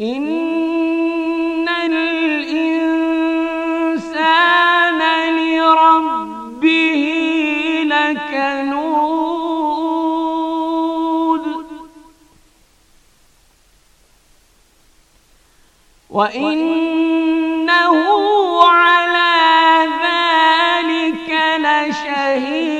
إن الإنسان لربه لكنود وإنه على ذلك لشهيد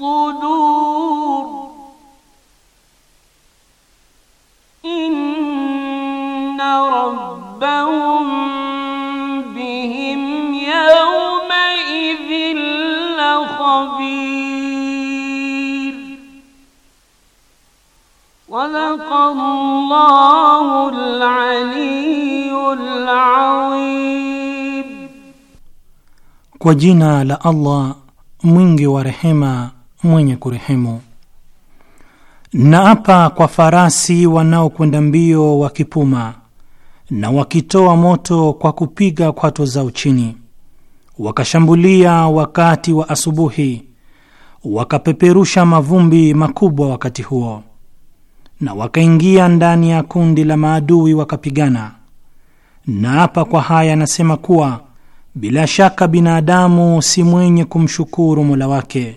الصدور إن ربهم بهم يومئذ لخبير ولقى الله العلي العظيم Kwa jina la Allah mwingi wa rehema mwenye kurehemu. Naapa kwa farasi wanaokwenda mbio wakipuma na wakitoa moto kwa kupiga kwato zao chini, wakashambulia wakati wa asubuhi, wakapeperusha mavumbi makubwa wakati huo, na wakaingia ndani ya kundi la maadui wakapigana. Naapa kwa haya anasema kuwa bila shaka binadamu si mwenye kumshukuru Mola wake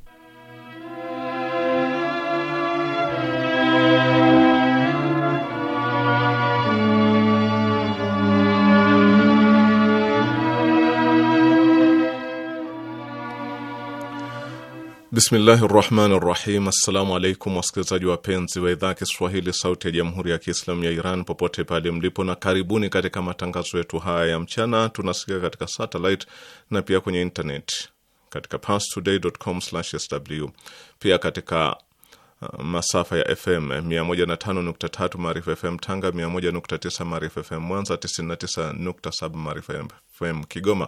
Bismillahi rahmani rahim. Assalamu alaikum wasikilizaji wapenzi wa idhaa ya Kiswahili sauti ya jamhuri ya Kiislamu ya Iran popote pale mlipo, na karibuni katika matangazo yetu haya ya mchana. tunasikika katika satellite na pia kwenye internet katika pastodaycom sw pia katika uh, masafa ya FM 105.3 Maarifa FM Tanga, 101.9 Maarifa FM Mwanza, 99.7 Maarifa FM Kigoma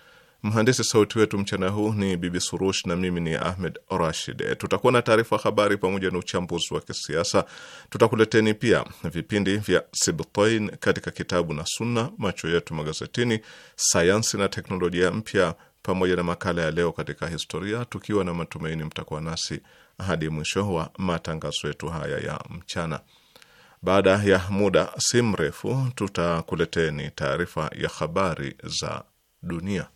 Mhandisi sauti wetu mchana huu ni Bibi Surush na mimi ni Ahmed Rashid. E, tutakuwa na taarifa habari pamoja na uchambuzi wa kisiasa. Tutakuleteni pia vipindi vya Sibtain katika kitabu na Sunna, macho yetu magazetini, sayansi na teknolojia mpya, pamoja na makala ya leo katika historia, tukiwa na matumaini mtakuwa nasi hadi mwisho wa matangazo yetu haya ya mchana. Baada ya muda si mrefu, tutakuleteni taarifa ya habari za dunia.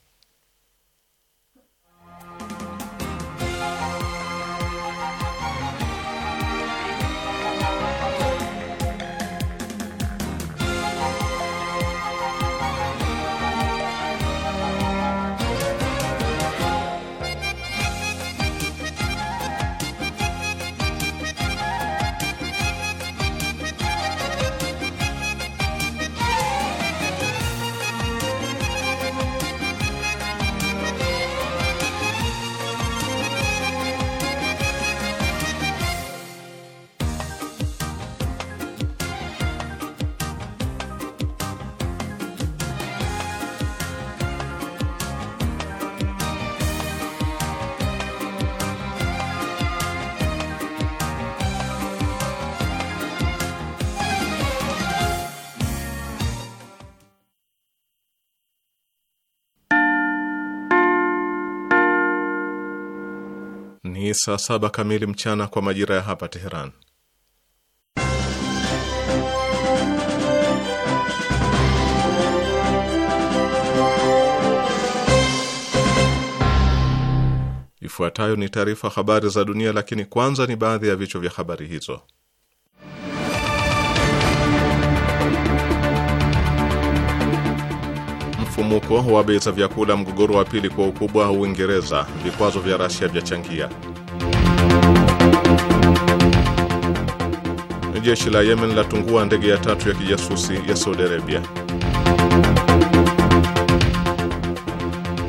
saa saba kamili mchana kwa majira ya hapa Teheran. Ifuatayo ni taarifa habari za dunia, lakini kwanza ni baadhi ya vichwa vya habari hizo. Mfumuko wa bei za vyakula mgogoro wa pili kwa ukubwa Uingereza, vikwazo vya Rasia vyachangia. jeshi la Yemen latungua ndege ya tatu ya kijasusi ya Saudi Arabia.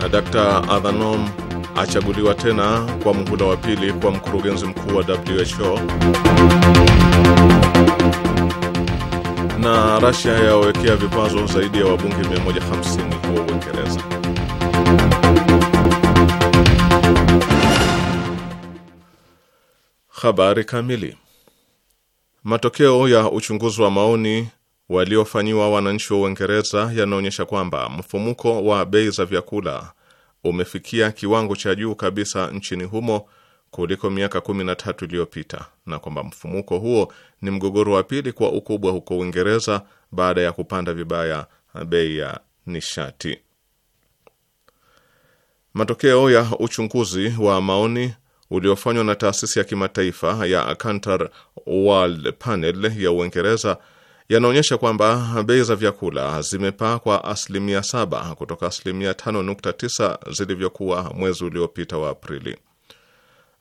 Na Dr. Adhanom achaguliwa tena kwa muhula wa pili kwa mkurugenzi mkuu wa WHO. Na Russia yawekea vikwazo zaidi ya wabunge 150 wa Uingereza. Habari kamili Matokeo ya uchunguzi wa maoni waliofanyiwa wananchi wa Uingereza yanaonyesha kwamba mfumuko wa bei za vyakula umefikia kiwango cha juu kabisa nchini humo kuliko miaka 13 iliyopita na kwamba mfumuko huo ni mgogoro wa pili kwa ukubwa huko Uingereza baada ya kupanda vibaya bei ya nishati. Matokeo ya uchunguzi wa maoni uliofanywa na taasisi ya kimataifa ya Kantar World Panel ya Uingereza yanaonyesha kwamba bei za vyakula zimepaa kwa asilimia saba kutoka asilimia tano nukta tisa zilivyokuwa mwezi uliopita wa Aprili.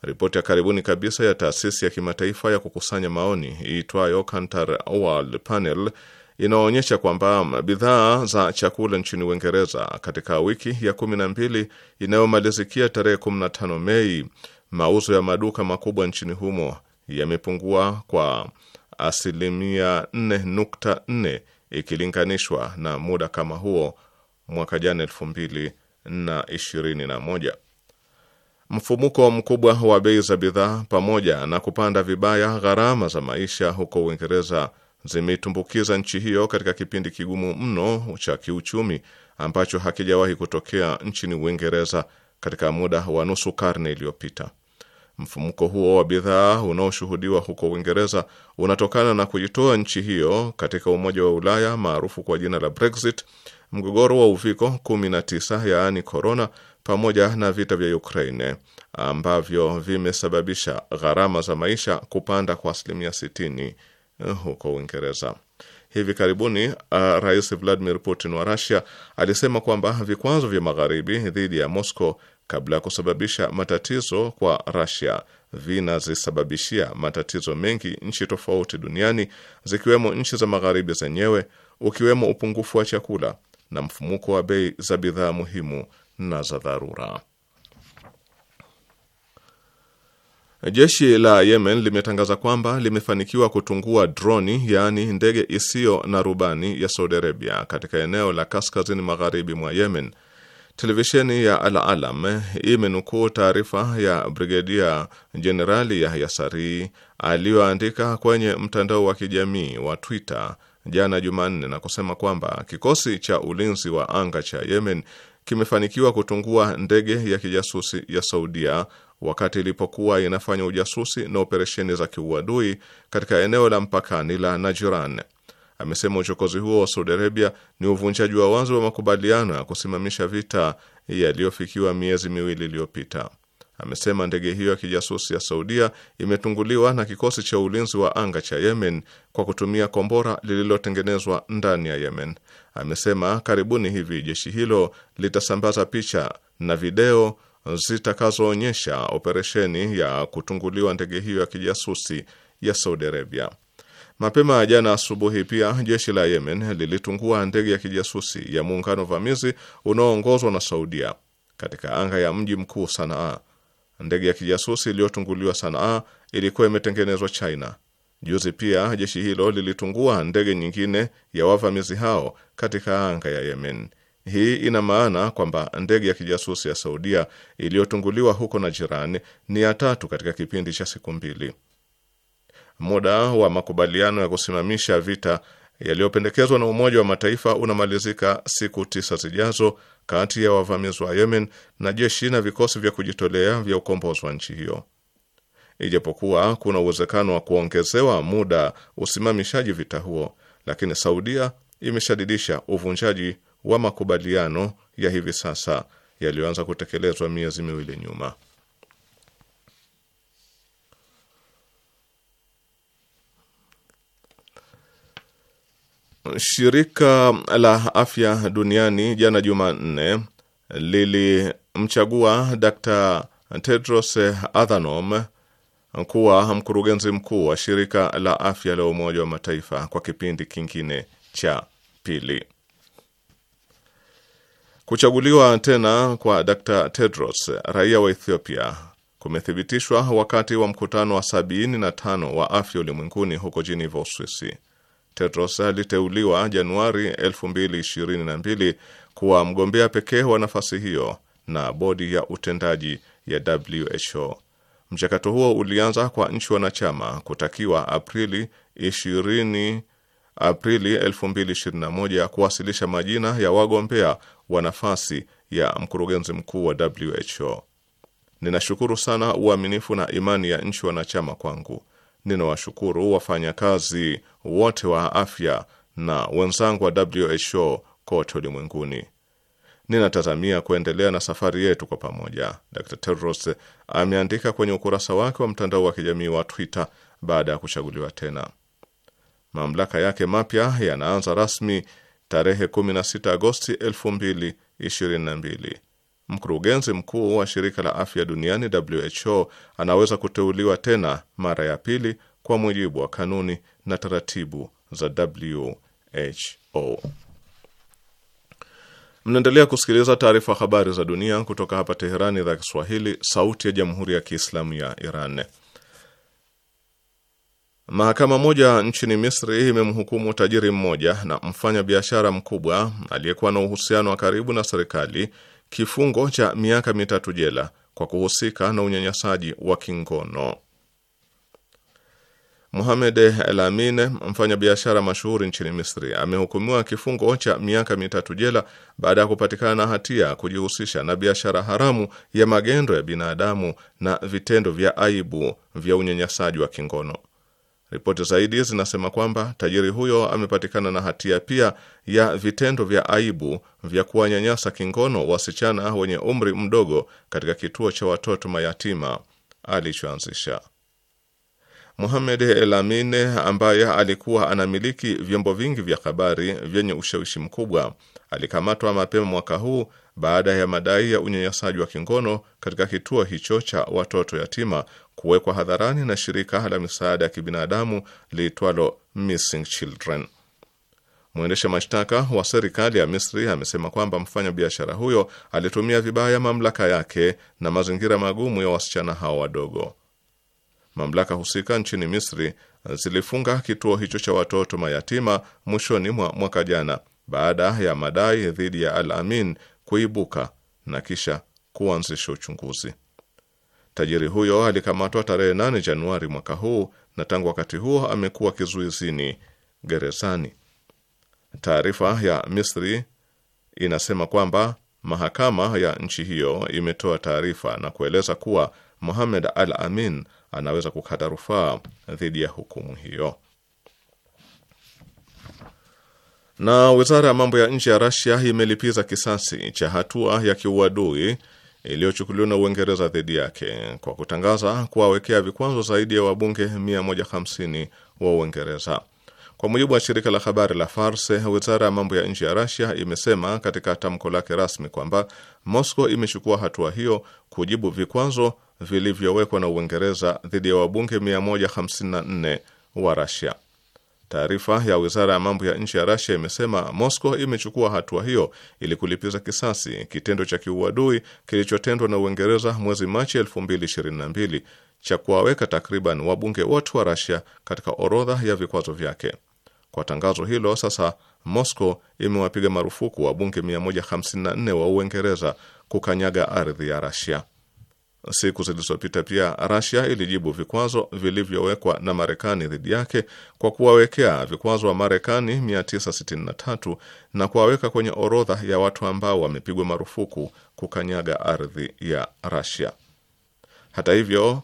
Ripoti ya karibuni kabisa ya taasisi ya kimataifa ya kukusanya maoni iitwayo Kantar World Panel inaonyesha kwamba bidhaa za chakula nchini Uingereza katika wiki ya 12 inayomalizikia tarehe 15 Mei mauzo ya maduka makubwa nchini humo yamepungua kwa asilimia 4.4 ikilinganishwa na muda kama huo mwaka jana elfu mbili na ishirini na moja. Mfumuko mkubwa wa bei za bidhaa pamoja na kupanda vibaya gharama za maisha huko Uingereza zimeitumbukiza nchi hiyo katika kipindi kigumu mno cha kiuchumi ambacho hakijawahi kutokea nchini Uingereza katika muda wa nusu karne iliyopita. Mfumuko huo wa bidhaa unaoshuhudiwa huko Uingereza unatokana na kujitoa nchi hiyo katika Umoja wa Ulaya maarufu kwa jina la Brexit, mgogoro wa uviko 19 yaani corona, pamoja na vita vya Ukraine ambavyo vimesababisha gharama za maisha kupanda kwa asilimia 60 eh, huko Uingereza. Hivi karibuni uh, Rais Vladimir Putin wa Russia alisema kwamba vikwazo vya magharibi dhidi ya Moscow kabla ya kusababisha matatizo kwa Russia vinazisababishia matatizo mengi nchi tofauti duniani zikiwemo nchi za magharibi zenyewe, ukiwemo upungufu wa chakula na mfumuko wa bei za bidhaa muhimu na za dharura. Jeshi la Yemen limetangaza kwamba limefanikiwa kutungua droni, yaani ndege isiyo na rubani ya Saudi Arabia katika eneo la kaskazini magharibi mwa Yemen Televisheni ya Al Alam imenukuu taarifa ya Brigedia Jenerali Yahya Sari aliyoandika kwenye mtandao wa kijamii wa Twitter jana Jumanne na kusema kwamba kikosi cha ulinzi wa anga cha Yemen kimefanikiwa kutungua ndege ya kijasusi ya Saudia wakati ilipokuwa inafanya ujasusi na operesheni za kiuadui katika eneo la mpakani la Najiran. Amesema uchokozi huo wa Saudi Arabia ni uvunjaji wa wazi wa makubaliano ya kusimamisha vita yaliyofikiwa miezi miwili iliyopita. Amesema ndege hiyo ya kijasusi ya Saudia imetunguliwa na kikosi cha ulinzi wa anga cha Yemen kwa kutumia kombora lililotengenezwa ndani ya Yemen. Amesema karibuni hivi jeshi hilo litasambaza picha na video zitakazoonyesha operesheni ya kutunguliwa ndege hiyo ya kijasusi ya Saudi Arabia. Mapema jana asubuhi pia jeshi la Yemen lilitungua ndege ya kijasusi ya muungano vamizi unaoongozwa na Saudia katika anga ya mji mkuu Sanaa. Ndege ya kijasusi iliyotunguliwa Sanaa ilikuwa imetengenezwa China. Juzi pia jeshi hilo lilitungua ndege nyingine ya wavamizi hao katika anga ya Yemen. Hii ina maana kwamba ndege ya kijasusi ya Saudia iliyotunguliwa huko na jirani ni ya tatu katika kipindi cha siku mbili muda wa makubaliano ya kusimamisha vita yaliyopendekezwa na Umoja wa Mataifa unamalizika siku tisa zijazo kati ya wavamizi wa Yemen na jeshi na vikosi vya kujitolea vya ukombozi wa nchi hiyo. Ijapokuwa kuna uwezekano wa kuongezewa muda usimamishaji vita huo, lakini Saudia imeshadidisha uvunjaji wa makubaliano ya hivi sasa yaliyoanza kutekelezwa miezi miwili nyuma. Shirika la Afya Duniani jana Jumanne lilimchagua Dr. Tedros Adhanom kuwa mkurugenzi mkuu wa Shirika la Afya la Umoja wa Mataifa kwa kipindi kingine cha pili. Kuchaguliwa tena kwa Dr. Tedros, raia wa Ethiopia, kumethibitishwa wakati wa mkutano wa 75 wa afya ulimwenguni huko Geneva, Uswisi. Tedros aliteuliwa Januari 2022 kuwa mgombea pekee wa nafasi hiyo na bodi ya utendaji ya WHO. Mchakato huo ulianza kwa nchi wanachama kutakiwa Aprili 20 Aprili 2021 kuwasilisha majina ya wagombea wa nafasi ya mkurugenzi mkuu wa WHO. Ninashukuru sana uaminifu na imani ya nchi wanachama kwangu ninawashukuru wafanyakazi wote wa afya na wenzangu wa WHO kote ulimwenguni. Ninatazamia kuendelea na safari yetu kwa pamoja, Dr Tedros ameandika kwenye ukurasa wake wa mtandao wa kijamii wa Twitter baada ya kuchaguliwa tena. Mamlaka yake mapya yanaanza rasmi tarehe 16 Agosti 2022 Mkurugenzi mkuu wa shirika la afya duniani WHO anaweza kuteuliwa tena mara ya pili kwa mujibu wa kanuni na taratibu za WHO. Mnaendelea kusikiliza taarifa habari za dunia kutoka hapa Teherani, idhaa Kiswahili, sauti ya jamhuri ya kiislamu ya Iran. Mahakama moja nchini Misri imemhukumu tajiri mmoja na mfanya biashara mkubwa aliyekuwa na uhusiano wa karibu na serikali kifungo cha miaka mitatu jela kwa kuhusika na unyanyasaji wa kingono. Mohamed El Amin, mfanyabiashara mashuhuri nchini Misri, amehukumiwa kifungo cha miaka mitatu jela baada ya kupatikana na hatia kujihusisha na biashara haramu ya magendo ya binadamu na vitendo vya aibu vya unyanyasaji wa kingono. Ripoti zaidi zinasema kwamba tajiri huyo amepatikana na hatia pia ya vitendo vya aibu vya kuwanyanyasa kingono wasichana wenye umri mdogo katika kituo cha watoto mayatima alichoanzisha. Mohamed Elamine ambaye alikuwa anamiliki vyombo vingi vya habari vyenye ushawishi mkubwa alikamatwa mapema mwaka huu baada ya madai ya unyanyasaji wa kingono katika kituo hicho cha watoto yatima kuwekwa hadharani na shirika la misaada ya kibinadamu liitwalo Missing Children. Mwendesha mashtaka wa serikali ya Misri amesema kwamba mfanyabiashara huyo alitumia vibaya mamlaka yake na mazingira magumu ya wasichana hao wadogo. Mamlaka husika nchini Misri zilifunga kituo hicho cha watoto mayatima mwishoni mwa mwaka jana baada ya madai dhidi ya Al Amin kuibuka na kisha kuanzisha uchunguzi. Tajiri huyo alikamatwa tarehe 8 Januari mwaka huu na tangu wakati huo amekuwa kizuizini gerezani. Taarifa ya Misri inasema kwamba mahakama ya nchi hiyo imetoa taarifa na kueleza kuwa Mohamed Al Amin anaweza kukata rufaa dhidi ya hukumu hiyo. Na wizara ya mambo ya nje ya Rasia imelipiza kisasi cha hatua ya kiuadui iliyochukuliwa na Uingereza dhidi yake kwa kutangaza kuwawekea vikwazo zaidi ya wabunge 150 wa Uingereza. Kwa mujibu wa shirika la habari la Farse, wizara ya mambo ya nje ya Rasia imesema katika tamko lake rasmi kwamba Moscow imechukua hatua hiyo kujibu vikwazo vilivyowekwa na Uingereza dhidi ya wabunge 154 wa Rasia. Taarifa ya wizara ya mambo ya nje ya Rasia imesema Moscow imechukua hatua hiyo ili kulipiza kisasi kitendo cha kiuadui kilichotendwa na Uingereza mwezi Machi 2022 cha kuwaweka takriban wabunge wote wa Rasia katika orodha ya vikwazo vyake. Kwa tangazo hilo, sasa Moscow imewapiga marufuku wabunge 154 wa Uingereza kukanyaga ardhi ya Rasia. Siku zilizopita pia Rasia ilijibu vikwazo vilivyowekwa na Marekani dhidi yake kwa kuwawekea vikwazo wa Marekani 963 na kuwaweka kwenye orodha ya watu ambao wamepigwa marufuku kukanyaga ardhi ya Rasia. Hata hivyo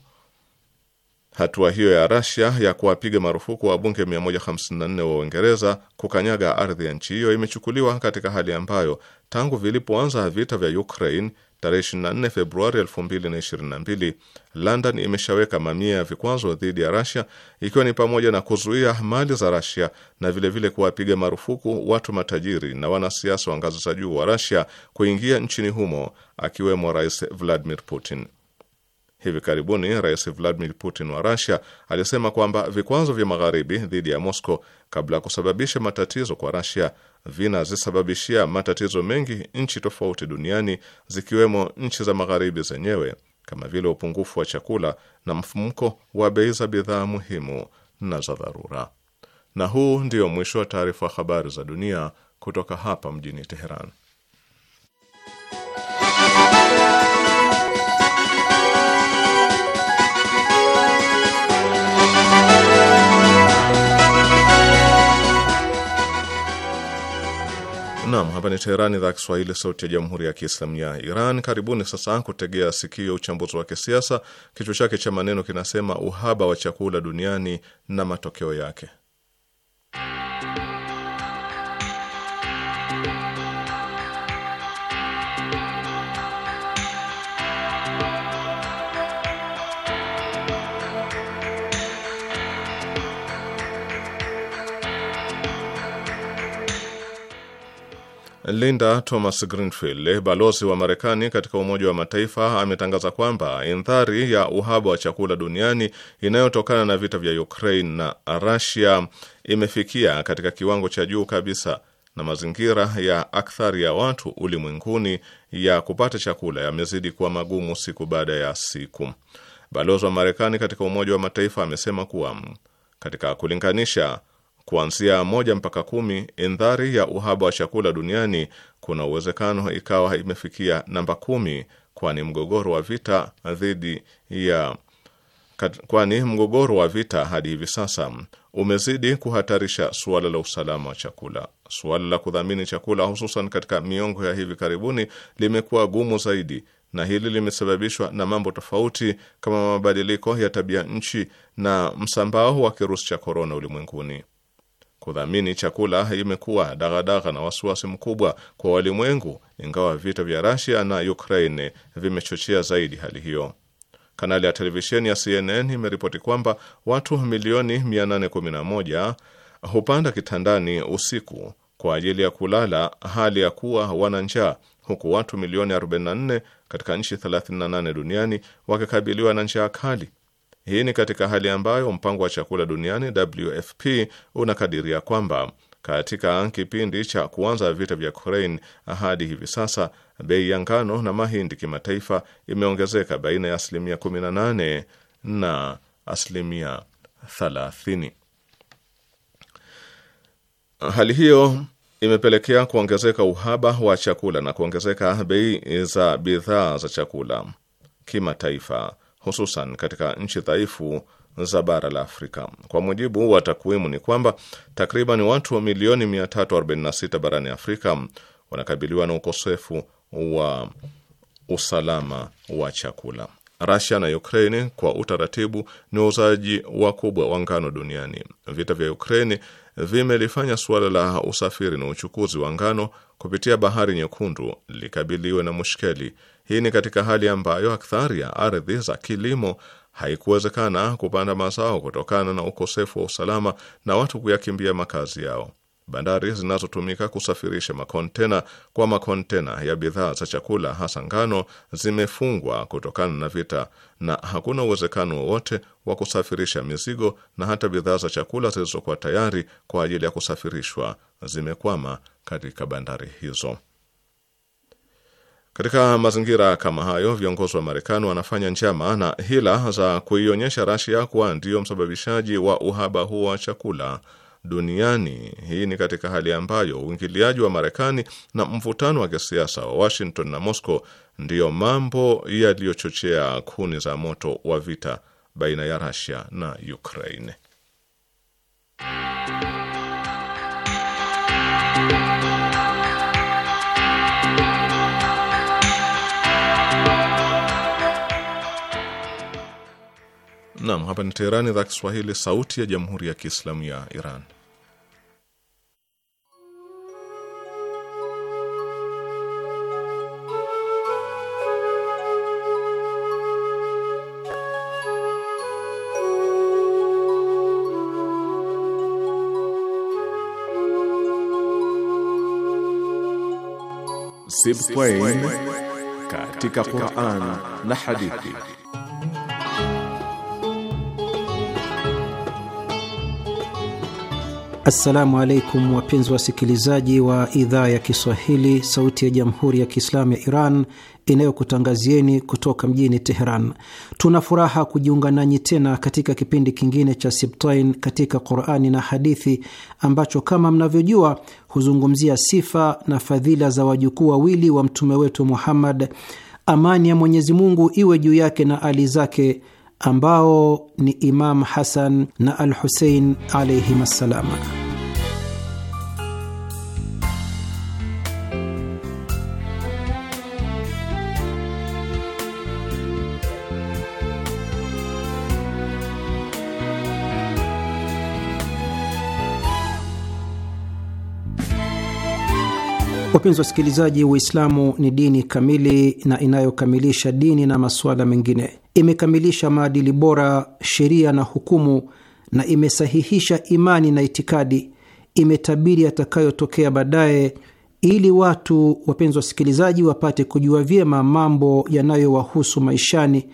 hatua hiyo ya Rasia ya kuwapiga marufuku wabunge 154 wa Uingereza kukanyaga ardhi ya nchi hiyo imechukuliwa katika hali ambayo tangu vilipoanza vita vya Ukraine Tarehe 24 Februari 2022 London imeshaweka mamia ya vikwazo dhidi ya Russia ikiwa ni pamoja na kuzuia mali za Russia na vilevile kuwapiga marufuku watu matajiri na wanasiasa wa ngazi za juu wa Russia kuingia nchini humo akiwemo Rais Vladimir Putin. Hivi karibuni Rais Vladimir Putin wa Russia alisema kwamba vikwazo vya magharibi dhidi ya Moscow kabla ya kusababisha matatizo kwa Russia vinazisababishia matatizo mengi nchi tofauti duniani zikiwemo nchi za magharibi zenyewe kama vile upungufu wa chakula na mfumuko wa bei za bidhaa muhimu na za dharura. Na huu ndio mwisho wa taarifa wa habari za dunia kutoka hapa mjini Teheran. Naam, hapa ni Teherani, idhaa Kiswahili, sauti ya jamhuri ya kiislamu ya Iran. Karibuni sasa kutegea sikio uchambuzi wa kisiasa, kichwa chake cha maneno kinasema: uhaba wa chakula duniani na matokeo yake. Linda Thomas Greenfield, balozi wa Marekani katika Umoja wa Mataifa, ametangaza kwamba indhari ya uhaba wa chakula duniani inayotokana na vita vya Ukraine na Russia imefikia katika kiwango cha juu kabisa na mazingira ya akthari ya watu ulimwenguni ya kupata chakula yamezidi kuwa magumu siku baada ya siku. Balozi wa Marekani katika Umoja wa Mataifa amesema kuwa katika kulinganisha kuanzia moja mpaka kumi, indhari ya uhaba wa chakula duniani kuna uwezekano ikawa imefikia namba kumi, kwani mgogoro wa vita dhidi ya kwani mgogoro wa vita hadi hivi sasa umezidi kuhatarisha suala la usalama wa chakula. Suala la kudhamini chakula, hususan katika miongo ya hivi karibuni, limekuwa gumu zaidi, na hili limesababishwa na mambo tofauti kama mabadiliko ya tabia nchi na msambao wa kirusi cha korona ulimwenguni. Kudhamini chakula imekuwa dagadaga na wasiwasi mkubwa kwa walimwengu, ingawa vita vya rasia na Ukraine vimechochea zaidi hali hiyo. Kanali ya televisheni ya CNN imeripoti kwamba watu milioni 811 hupanda kitandani usiku kwa ajili ya kulala hali ya kuwa wana njaa, huku watu milioni 44 katika nchi 38 duniani wakikabiliwa na njaa kali. Hii ni katika hali ambayo mpango wa chakula duniani WFP unakadiria kwamba katika kipindi cha kuanza vita vya Ukraine hadi hivi sasa bei ya ngano na mahindi kimataifa imeongezeka baina ya asilimia 18 na asilimia 30. Hali hiyo imepelekea kuongezeka uhaba wa chakula na kuongezeka bei za bidhaa za chakula kimataifa hususan katika nchi dhaifu za bara la Afrika. Kwa mujibu wa takwimu ni kwamba takriban watu milioni 346 barani Afrika wanakabiliwa na ukosefu wa usalama wa chakula. rusia na Ukraine kwa utaratibu ni wauzaji wakubwa wa ngano duniani. Vita vya Ukraine vimelifanya suala la usafiri na uchukuzi wa ngano kupitia bahari nyekundu likabiliwe na mushkeli hii ni katika hali ambayo akthari ya ardhi za kilimo haikuwezekana kupanda mazao kutokana na ukosefu wa usalama na watu kuyakimbia makazi yao. Bandari zinazotumika kusafirisha makontena kwa makontena ya bidhaa za chakula hasa ngano zimefungwa kutokana na vita, na hakuna uwezekano wowote wa kusafirisha mizigo, na hata bidhaa za chakula zilizokuwa tayari kwa ajili ya kusafirishwa zimekwama katika bandari hizo. Katika mazingira kama hayo, viongozi wa Marekani wanafanya njama na hila za kuionyesha Rasia kuwa ndiyo msababishaji wa uhaba huo wa chakula duniani. Hii ni katika hali ambayo uingiliaji wa Marekani na mvutano wa kisiasa wa Washington na Moscow ndiyo mambo yaliyochochea kuni za moto wa vita baina ya Rasia na Ukraine. Naam, hapa ni Teherani, idhaa Kiswahili, sauti ya jamhuri ya kiislamu ya Iran. Sibtain katika Qur'an na hadithi Assalamu alaikum wapenzi wasikilizaji wa idhaa ya Kiswahili, sauti ya jamhuri ya kiislamu ya Iran inayokutangazieni kutoka mjini Teheran. Tuna furaha kujiunga nanyi tena katika kipindi kingine cha Sibtain katika Qurani na Hadithi, ambacho kama mnavyojua huzungumzia sifa na fadhila za wajukuu wawili wa mtume wetu Muhammad, amani ya Mwenyezi Mungu iwe juu yake na ali zake ambao ni Imam Hasan na al Husein alaihim assalama. Wapenzi wasikilizaji, Uislamu ni dini kamili na inayokamilisha dini na masuala mengine. Imekamilisha maadili bora, sheria na hukumu, na imesahihisha imani na itikadi. Imetabiri yatakayotokea baadaye, ili watu, wapenzi wasikilizaji, wapate kujua vyema mambo yanayowahusu maishani,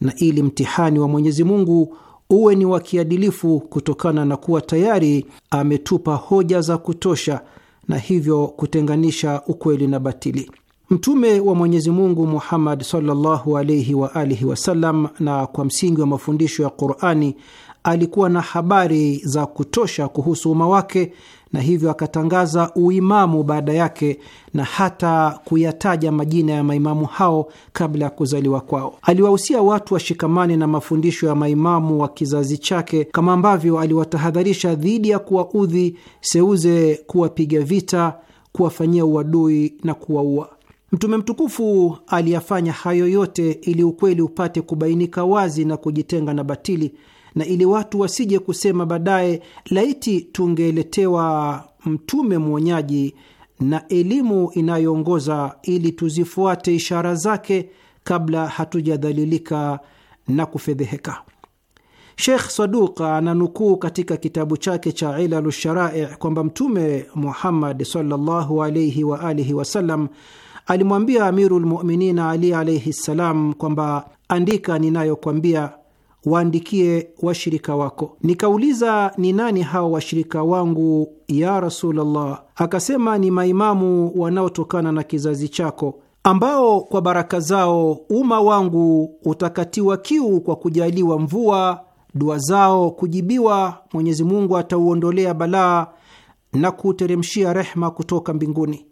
na ili mtihani wa Mwenyezi Mungu uwe ni wa kiadilifu, kutokana na kuwa tayari ametupa hoja za kutosha na hivyo kutenganisha ukweli na batili. Mtume wa Mwenyezi Mungu Muhammad sallallahu alaihi wa alihi wasallam, na kwa msingi wa mafundisho ya Qurani, alikuwa na habari za kutosha kuhusu umma wake na hivyo akatangaza uimamu baada yake na hata kuyataja majina ya maimamu hao kabla ya kuzaliwa kwao. Aliwahusia watu washikamane na mafundisho ya maimamu wa kizazi chake, kama ambavyo aliwatahadharisha dhidi ya kuwaudhi, seuze kuwapiga vita, kuwafanyia uadui na kuwaua. Mtume mtukufu aliyafanya hayo yote ili ukweli upate kubainika wazi na kujitenga na batili na ili watu wasije kusema baadaye, laiti tungeletewa mtume mwonyaji na elimu inayoongoza ili tuzifuate ishara zake kabla hatujadhalilika na kufedheheka. Sheikh Saduq ananukuu katika kitabu chake cha Ilalu Sharai kwamba Mtume Muhammad sallallahu alaihi wa alihi wasallam alimwambia Amiru Lmuminin Ali alaihi ssalam kwamba andika ninayokwambia waandikie washirika wako. Nikauliza, ni nani hao washirika wangu ya Rasulullah? Akasema, ni maimamu wanaotokana na kizazi chako ambao kwa baraka zao umma wangu utakatiwa kiu kwa kujaliwa mvua, dua zao kujibiwa, Mwenyezi Mungu atauondolea balaa na kuteremshia rehma kutoka mbinguni.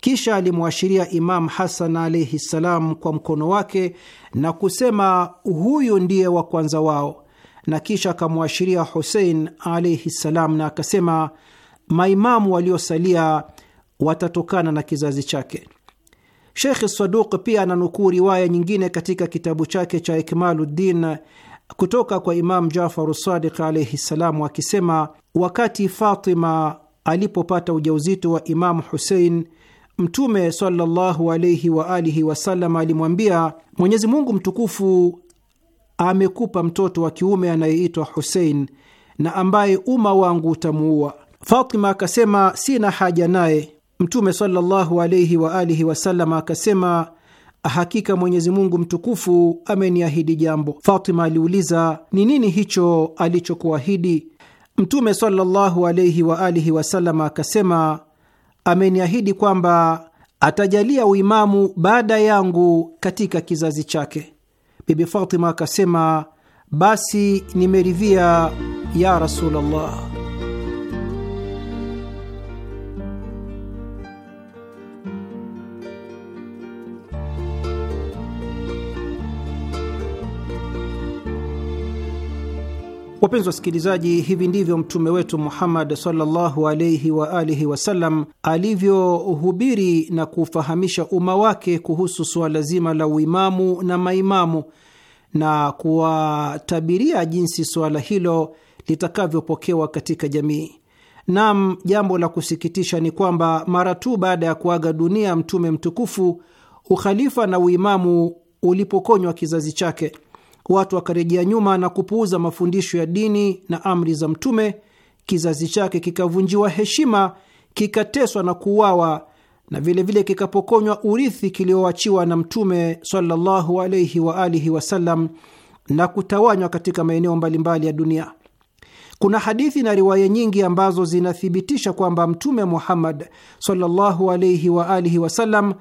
Kisha alimwashiria Imam Hasan alaihi ssalam kwa mkono wake na kusema, huyu ndiye wa kwanza wao, na kisha akamwashiria Husein alaihi ssalam na akasema, maimamu waliosalia watatokana na kizazi chake. Sheikh Saduq pia ananukuu riwaya nyingine katika kitabu chake cha Ikmaluddin kutoka kwa Imam Jafaru Sadiq alaihi ssalam akisema, wakati Fatima alipopata ujauzito wa Imamu Husein Mtume sallallahu alaihi wa alihi wasallam alimwambia, Mwenyezi Mungu mtukufu amekupa mtoto wa kiume anayeitwa Husein na ambaye umma wangu utamuua. Fatima akasema sina haja naye. Mtume sallallahu wa alihi wasallam akasema hakika Mwenyezi Mungu mtukufu ameniahidi jambo. Fatima aliuliza ni nini hicho alichokuahidi? Mtume sallallahu wa alihi wasallam akasema ameniahidi kwamba atajalia uimamu baada yangu katika kizazi chake. Bibi Fatima akasema, basi nimeridhia ya Rasulullah. Wapenzi wasikilizaji, hivi ndivyo mtume wetu Muhammad sallallahu alaihi wa alihi wasallam alivyohubiri na kufahamisha umma wake kuhusu suala zima la uimamu na maimamu na kuwatabiria jinsi suala hilo litakavyopokewa katika jamii. Naam, jambo la kusikitisha ni kwamba mara tu baada ya kuaga dunia mtume mtukufu, ukhalifa na uimamu ulipokonywa kizazi chake Watu wakarejea nyuma na kupuuza mafundisho ya dini na amri za Mtume. Kizazi chake kikavunjiwa heshima, kikateswa na kuuawa, na vilevile kikapokonywa urithi kilioachiwa na Mtume sallallahu alaihi wa alihi wasallam na kutawanywa katika maeneo mbalimbali ya dunia. Kuna hadithi na riwaya nyingi ambazo zinathibitisha kwamba Mtume Muhammad sallallahu alaihi wa alihi wasallam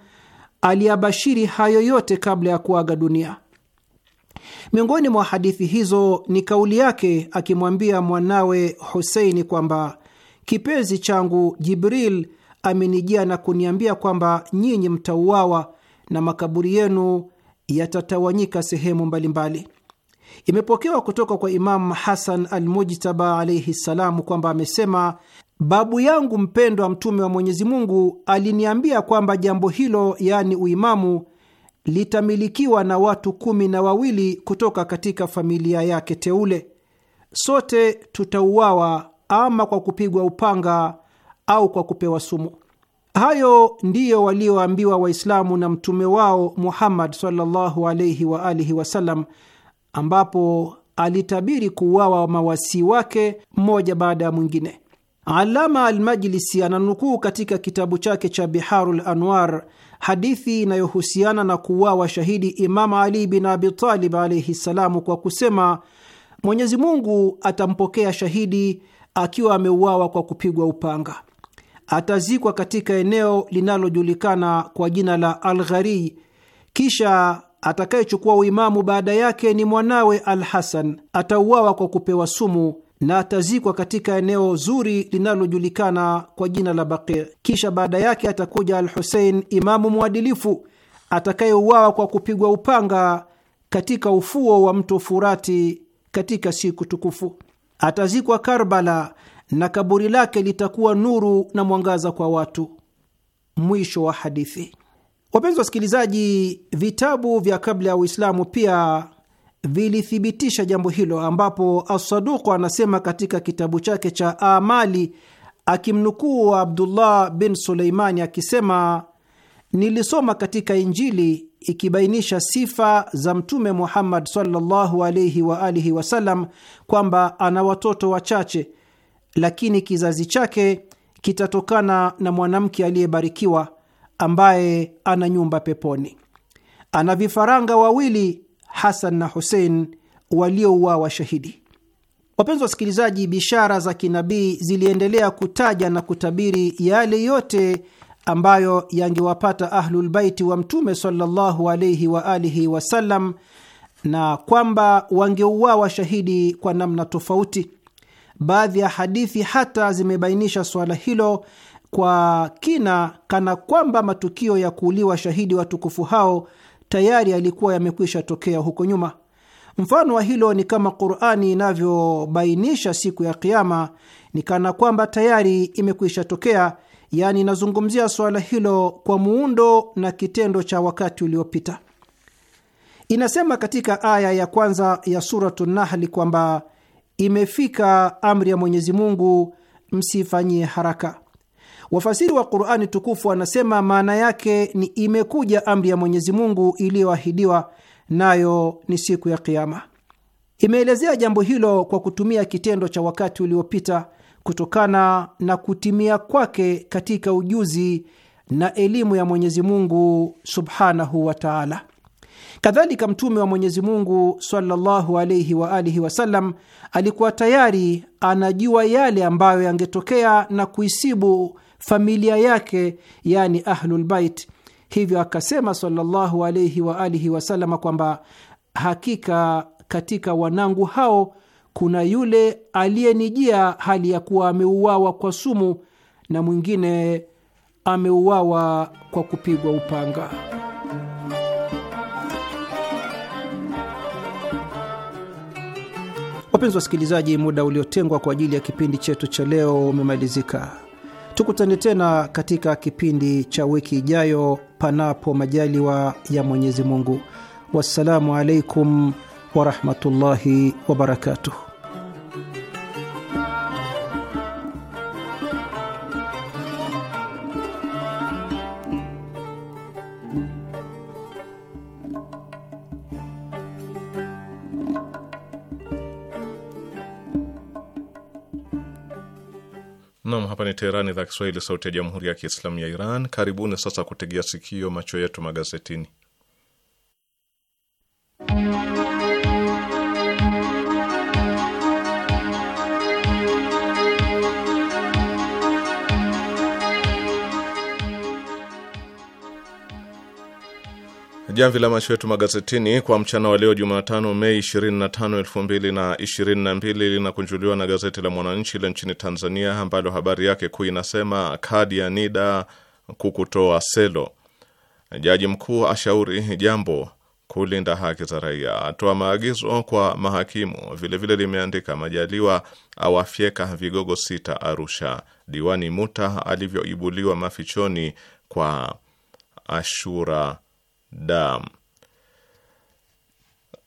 aliabashiri hayo yote kabla ya kuaga dunia. Miongoni mwa hadithi hizo ni kauli yake akimwambia mwanawe Huseini kwamba kipenzi changu Jibril amenijia na kuniambia kwamba nyinyi mtauawa na makaburi yenu yatatawanyika sehemu mbalimbali. Imepokewa kutoka kwa Imamu Hasan Almujtaba alaihi ssalamu kwamba amesema, babu yangu mpendwa Mtume wa Mwenyezi Mungu aliniambia kwamba jambo hilo, yaani uimamu, litamilikiwa na watu kumi na wawili kutoka katika familia yake teule. Sote tutauawa ama kwa kupigwa upanga au kwa kupewa sumu. Hayo ndiyo walioambiwa Waislamu na mtume wao Muhammad sallallahu alaihi wa alihi wasallam, ambapo alitabiri kuuawa mawasii wake mmoja baada ya mwingine. Alama Almajlisi ananukuu katika kitabu chake cha Biharul Anwar hadithi inayohusiana na kuuawa shahidi Imamu Ali bin Abitalib alaihi ssalamu, kwa kusema Mwenyezi Mungu atampokea shahidi akiwa ameuawa kwa kupigwa upanga. Atazikwa katika eneo linalojulikana kwa jina la Alghari. Kisha atakayechukua uimamu baada yake ni mwanawe Al Hasan, atauawa kwa kupewa sumu na atazikwa katika eneo zuri linalojulikana kwa jina la Baqi. Kisha baada yake atakuja Al Husein, imamu mwadilifu atakayeuawa kwa kupigwa upanga katika ufuo wa mto Furati katika siku tukufu. Atazikwa Karbala na kaburi lake litakuwa nuru na mwangaza kwa watu. Mwisho wa hadithi. Wapenzi wasikilizaji, vitabu vya kabla ya Uislamu pia vilithibitisha jambo hilo, ambapo Asaduku anasema katika kitabu chake cha Amali akimnukuu wa Abdullah bin Suleimani akisema, nilisoma katika Injili ikibainisha sifa za Mtume Muhammad sallallahu alaihi wa alihi wasallam kwamba ana watoto wachache, lakini kizazi chake kitatokana na mwanamke aliyebarikiwa ambaye ana nyumba peponi, ana vifaranga wawili Hasan na Husein waliouawa shahidi. Wapenzi wasikilizaji, bishara za kinabii ziliendelea kutaja na kutabiri yale yote ambayo yangewapata Ahlulbaiti wa Mtume sallallahu alaihi wa alihi wasallam na kwamba wangeuawa shahidi kwa namna tofauti. Baadhi ya hadithi hata zimebainisha suala hilo kwa kina, kana kwamba matukio ya kuuliwa shahidi watukufu hao tayari yalikuwa yamekwisha tokea huko nyuma. Mfano wa hilo ni kama Qurani inavyobainisha siku ya Kiama ni kana kwamba tayari imekwisha tokea, yaani inazungumzia suala hilo kwa muundo na kitendo cha wakati uliopita. Inasema katika aya ya kwanza ya Suratu Nahli kwamba imefika amri ya Mwenyezi Mungu, msifanyie haraka. Wafasiri wa Qurani tukufu wanasema maana yake ni imekuja amri ya Mwenyezi Mungu iliyoahidiwa, nayo ni siku ya Kiama. Imeelezea jambo hilo kwa kutumia kitendo cha wakati uliopita kutokana na kutimia kwake katika ujuzi na elimu ya Mwenyezi Mungu subhanahu wa taala. Kadhalika, Mtume wa Mwenyezi Mungu sallallahu alaihi wa alihi wasallam alikuwa tayari anajua yale ambayo yangetokea na kuisibu familia yake, yani Ahlulbait. Hivyo akasema sallallahu alaihi waalihi wasalama kwamba hakika katika wanangu hao kuna yule aliyenijia hali ya kuwa ameuawa kwa sumu na mwingine ameuawa kwa kupigwa upanga. Wapenzi wasikilizaji, muda uliotengwa kwa ajili ya kipindi chetu cha leo umemalizika. Tukutane tena katika kipindi cha wiki ijayo, panapo majaliwa ya Mwenyezi Mungu. Wassalamu alaikum warahmatullahi wabarakatuh. Teherani, idhaa Kiswahili, sauti ya jamhuri ya kiislamu ya Iran. Karibuni sasa kutegea sikio, macho yetu magazetini. jamvi la macho yetu magazetini kwa mchana wa leo Jumatano, Mei 25, 2022 linakunjuliwa na gazeti la Mwananchi la nchini Tanzania, ambalo habari yake kuu inasema kadi ya NIDA kukutoa selo, jaji mkuu ashauri jambo kulinda haki za raia, atoa maagizo kwa mahakimu. Vilevile limeandika Majaliwa awafyeka vigogo sita Arusha, diwani Muta alivyoibuliwa mafichoni kwa Ashura da.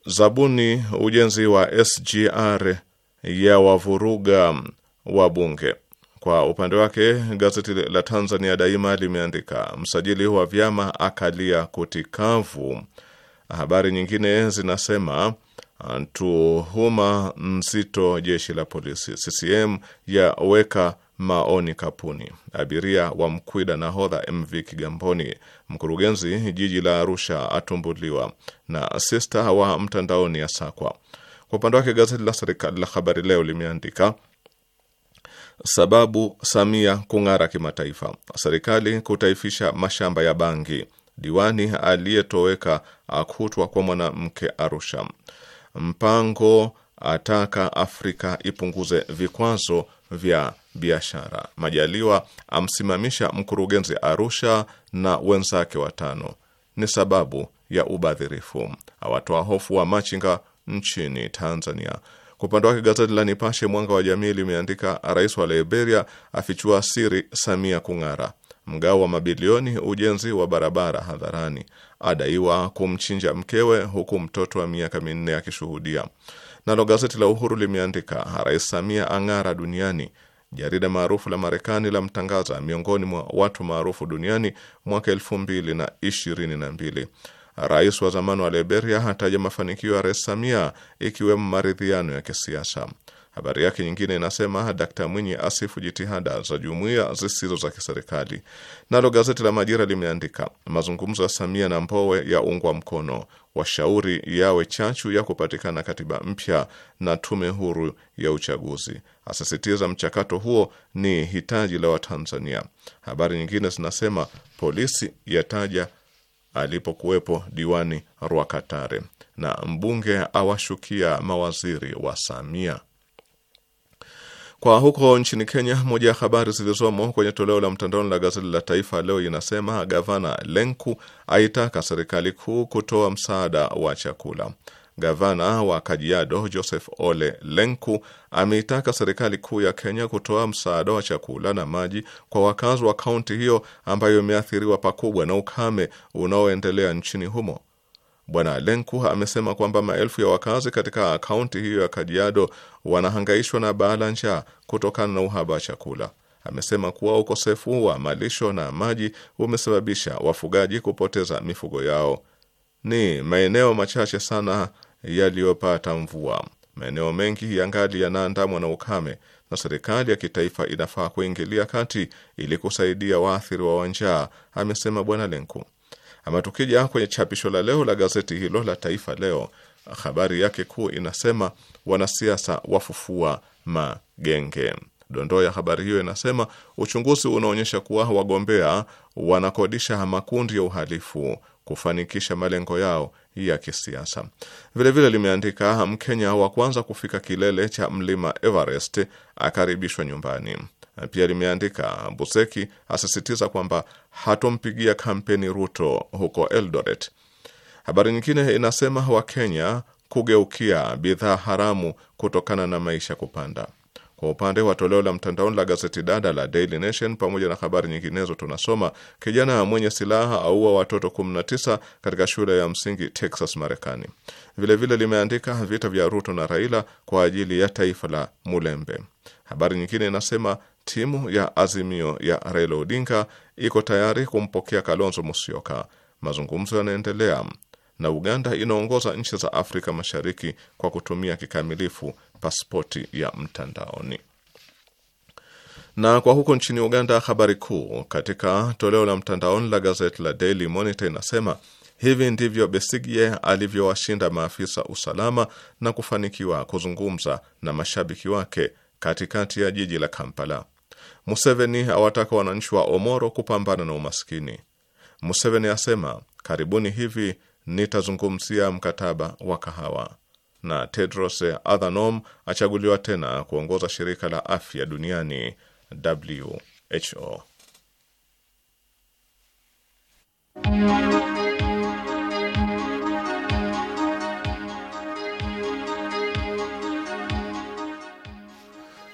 Zabuni ujenzi wa SGR ya wavuruga wa bunge Kwa upande wake gazeti la Tanzania Daima limeandika msajili wa vyama akalia kutikavu. Habari nyingine zinasema tuhuma nzito jeshi la polisi, CCM yaweka Maoni Kapuni, abiria wa Mkwida nahodha MV Kigamboni, mkurugenzi jiji la Arusha atumbuliwa, na sista wa mtandaoni ya sakwa. Kwa upande wake gazeti la serikali la Habari Leo limeandika sababu Samia kung'ara kimataifa, serikali kutaifisha mashamba ya bangi, diwani aliyetoweka akutwa kwa mwanamke Arusha, mpango ataka Afrika ipunguze vikwazo vya biashara. Majaliwa amsimamisha mkurugenzi Arusha na wenzake watano ni sababu ya ubadhirifu, awatoa hofu wa machinga nchini Tanzania. Kwa upande wake gazeti la Nipashe Mwanga wa Jamii limeandika rais wa Liberia afichua siri Samia kung'ara, mgao wa mabilioni ujenzi wa barabara hadharani, adaiwa kumchinja mkewe huku mtoto wa miaka minne akishuhudia. Nalo gazeti la Uhuru limeandika Rais Samia ang'ara duniani. Jarida maarufu la Marekani la mtangaza miongoni mwa watu maarufu duniani mwaka elfu mbili na ishirini na mbili. Rais wa zamani wa Liberia hataja mafanikio ya Rais Samia ikiwemo maridhiano ya kisiasa. Habari yake nyingine inasema Dkt Mwinyi asifu jitihada za jumuiya zisizo za kiserikali. Nalo gazeti la Majira limeandika mazungumzo ya Samia na Mbowe ya ungwa mkono, washauri yawe chachu ya kupatikana katiba mpya na tume huru ya uchaguzi, asisitiza mchakato huo ni hitaji la Watanzania. Habari nyingine zinasema polisi yataja alipokuwepo diwani Rwakatare na mbunge awashukia mawaziri wa Samia. Kwa huko nchini Kenya, moja ya habari zilizomo kwenye toleo la mtandaoni la gazeti la Taifa leo inasema Gavana Lenku aitaka serikali kuu kutoa msaada wa chakula. Gavana wa Kajiado Joseph Ole Lenku ameitaka serikali kuu ya Kenya kutoa msaada wa chakula na maji kwa wakazi wa kaunti hiyo ambayo imeathiriwa pakubwa na ukame unaoendelea nchini humo. Bwana Lenku amesema kwamba maelfu ya wakazi katika kaunti hiyo ya Kajiado wanahangaishwa na baa la njaa kutokana na uhaba wa chakula. Amesema kuwa ukosefu wa malisho na maji umesababisha wafugaji kupoteza mifugo yao. Ni maeneo machache sana yaliyopata mvua. Maeneo mengi yangali yanaandamwa na ukame, na serikali ya kitaifa inafaa kuingilia kati ili kusaidia waathiriwa wa njaa, amesema Bwana Lenku. Ama tukija kwenye chapisho la leo la gazeti hilo la Taifa Leo, habari yake kuu inasema wanasiasa wafufua magenge. Dondoo ya habari hiyo inasema uchunguzi unaonyesha kuwa wagombea wanakodisha makundi ya uhalifu kufanikisha malengo yao ya kisiasa. Vilevile limeandika Mkenya wa kwanza kufika kilele cha mlima Everest akaribishwa nyumbani. Eh, pia limeandika Buseki asisitiza kwamba hatompigia kampeni Ruto huko Eldoret. Habari nyingine inasema Wakenya kugeukia bidhaa haramu kutokana na maisha kupanda. Kwa upande wa toleo la mtandaoni la gazeti dada la Daily Nation, pamoja na habari nyinginezo, tunasoma kijana mwenye silaha aua watoto 19 katika shule ya msingi Texas, Marekani. Vilevile limeandika vita vya Ruto na Raila kwa ajili ya taifa la Mulembe. Habari nyingine inasema timu ya Azimio ya Raila Odinga iko tayari kumpokea Kalonzo Musyoka. Mazungumzo yanaendelea na Uganda inaongoza nchi za Afrika Mashariki kwa kutumia kikamilifu pasipoti ya mtandaoni. Na kwa huko nchini Uganda, habari kuu katika toleo la mtandaoni la gazeti la Daily Monitor inasema hivi ndivyo Besigye alivyowashinda maafisa usalama na kufanikiwa kuzungumza na mashabiki wake katikati ya jiji la Kampala. Museveni awataka wananchi wa Omoro kupambana na umaskini. Museveni asema karibuni hivi nitazungumzia mkataba wa kahawa. Na Tedros Adhanom achaguliwa tena kuongoza shirika la afya duniani WHO.